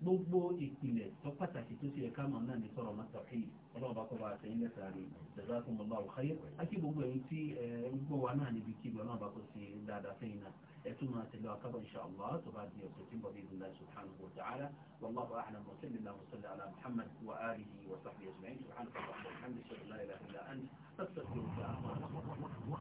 gbogbo ìpìlẹ̀ tó pàtàkì tó sì ẹ̀ka mọ̀ náà ní sọ̀rọ̀ mọ́tàkì ọlọ́run bá kọ́ba àtẹ̀yìn lẹ́sàá rí dàdá fún ọlọ́run ọ̀háyé àti gbogbo ẹ̀yìn tí ẹ ń gbọ́ wa náà níbi kíbi ọlọ́run bá kó sí dáadáa fẹ́yìn náà ẹ tún máa tẹ̀lé wa kábọ̀ insha Allah tó bá di ọ̀sẹ̀ tí bọ̀dé ìdúlá subhanahu wa ta'ala